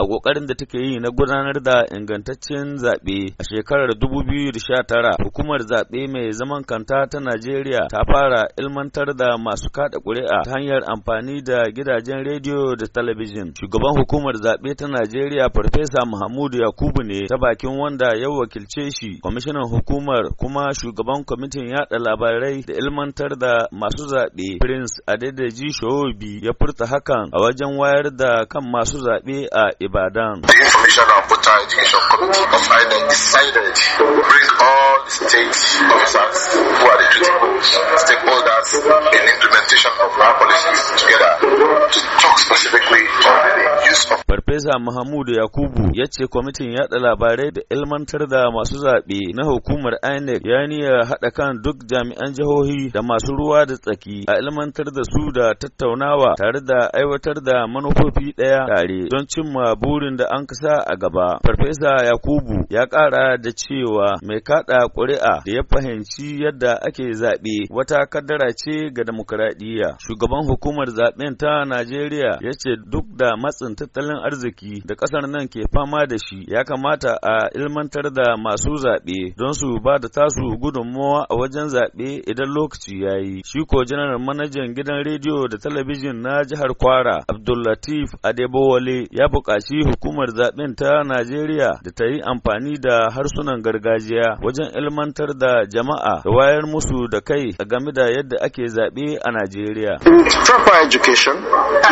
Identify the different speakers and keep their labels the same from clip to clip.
Speaker 1: a kokarin da take yi na gudanar da ingantaccen zaɓe a shekarar 2019 hukumar zaɓe mai zaman kanta ta Najeriya ta fara ilmantar da masu kada ƙuri'a ta hanyar amfani da gidajen rediyo da talabijin shugaban hukumar zaɓe ta Najeriya farfesa Muhammadu Yakubu ne ta bakin wanda ya wakilce shi kwamishinan hukumar kuma shugaban kwamitin yada labarai da ilmantar da masu zaɓe Prince Adedeji Shobi ya furta hakan a wajen wayar da kan masu zaɓe a Ibadan. The Information and Voter Education Committee of INEC decided to bring all state officers who are the critical stakeholders in implementation of our Farfesa Mahamudu Yakubu ya ce kwamitin yaɗa labarai da ilmantar da masu zaɓe na hukumar INEC ya niya haɗa kan duk jami'an jihohi da masu ruwa da tsaki a ilmantar da su da tattaunawa tare da aiwatar da manufofi ɗaya tare don cimma burin da an kasa a gaba. Farfesa Yakubu ya ƙara da cewa mai kaɗa ƙuri'a da ya fahimci yadda ake zaɓe wata kaddara ce ga demokuraɗiyya. Shugaban hukumar zaɓen ta Najeriya ya ce duk da matsin tattalin arziki arziki da ƙasar nan ke fama da shi ya kamata a ilmantar da masu zaɓe don su ba da tasu gudunmowa a wajen zaɓe idan lokaci ya yi. Shi ko janar manajan gidan rediyo da talabijin na jihar Kwara Abdullatif Adebowale ya buƙaci hukumar zaɓen ta Najeriya da ta yi amfani da harsunan gargajiya wajen ilmantar da jama'a da wayar musu da kai a game da yadda ake zaɓe a Najeriya. In proper education,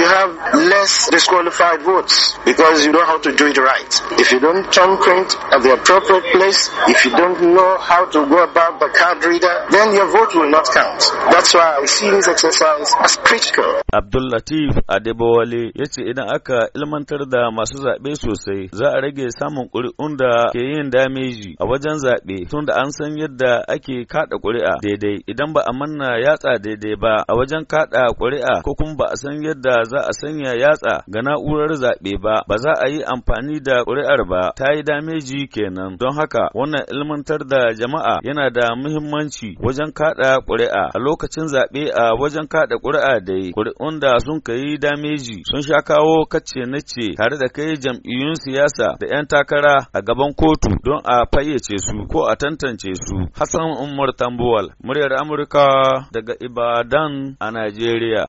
Speaker 1: you have less disqualified votes. because you know how to do it right. If you don't print at the appropriate place, if you don't know how to go about the card reader, then your vote will not count. That's why I see this exercise as critical Abdullatif Adebowale ya ce idan aka ilmantar da masu zaɓe sosai za a rage samun ƙuri'un da ke yin dameji a wajen zaɓe tun da an san yadda ake kaɗa ƙuri'a daidai idan ba a manna yatsa daidai ba a wajen kaɗa ƙuri'a ko kuma ba a san yadda za a sanya yatsa ga na'urar zaɓe ba ba za a yi amfani da ƙuri'ar ba ta yi dameji kenan don haka wannan ilmantar da jama'a yana da muhimmanci wajen kaɗa ƙuri'a a lokacin zaɓe a wajen kaɗa ƙuri'a dai ƙuri'un wanda sun kai dameji sun sha kawo kace na ce tare da kai jam'iyyun siyasa da 'yan takara a gaban kotu don a fayyace su ko a tantance su. Hassan Umar Tambuwal, muryar Amurka daga Ibadan a Najeriya.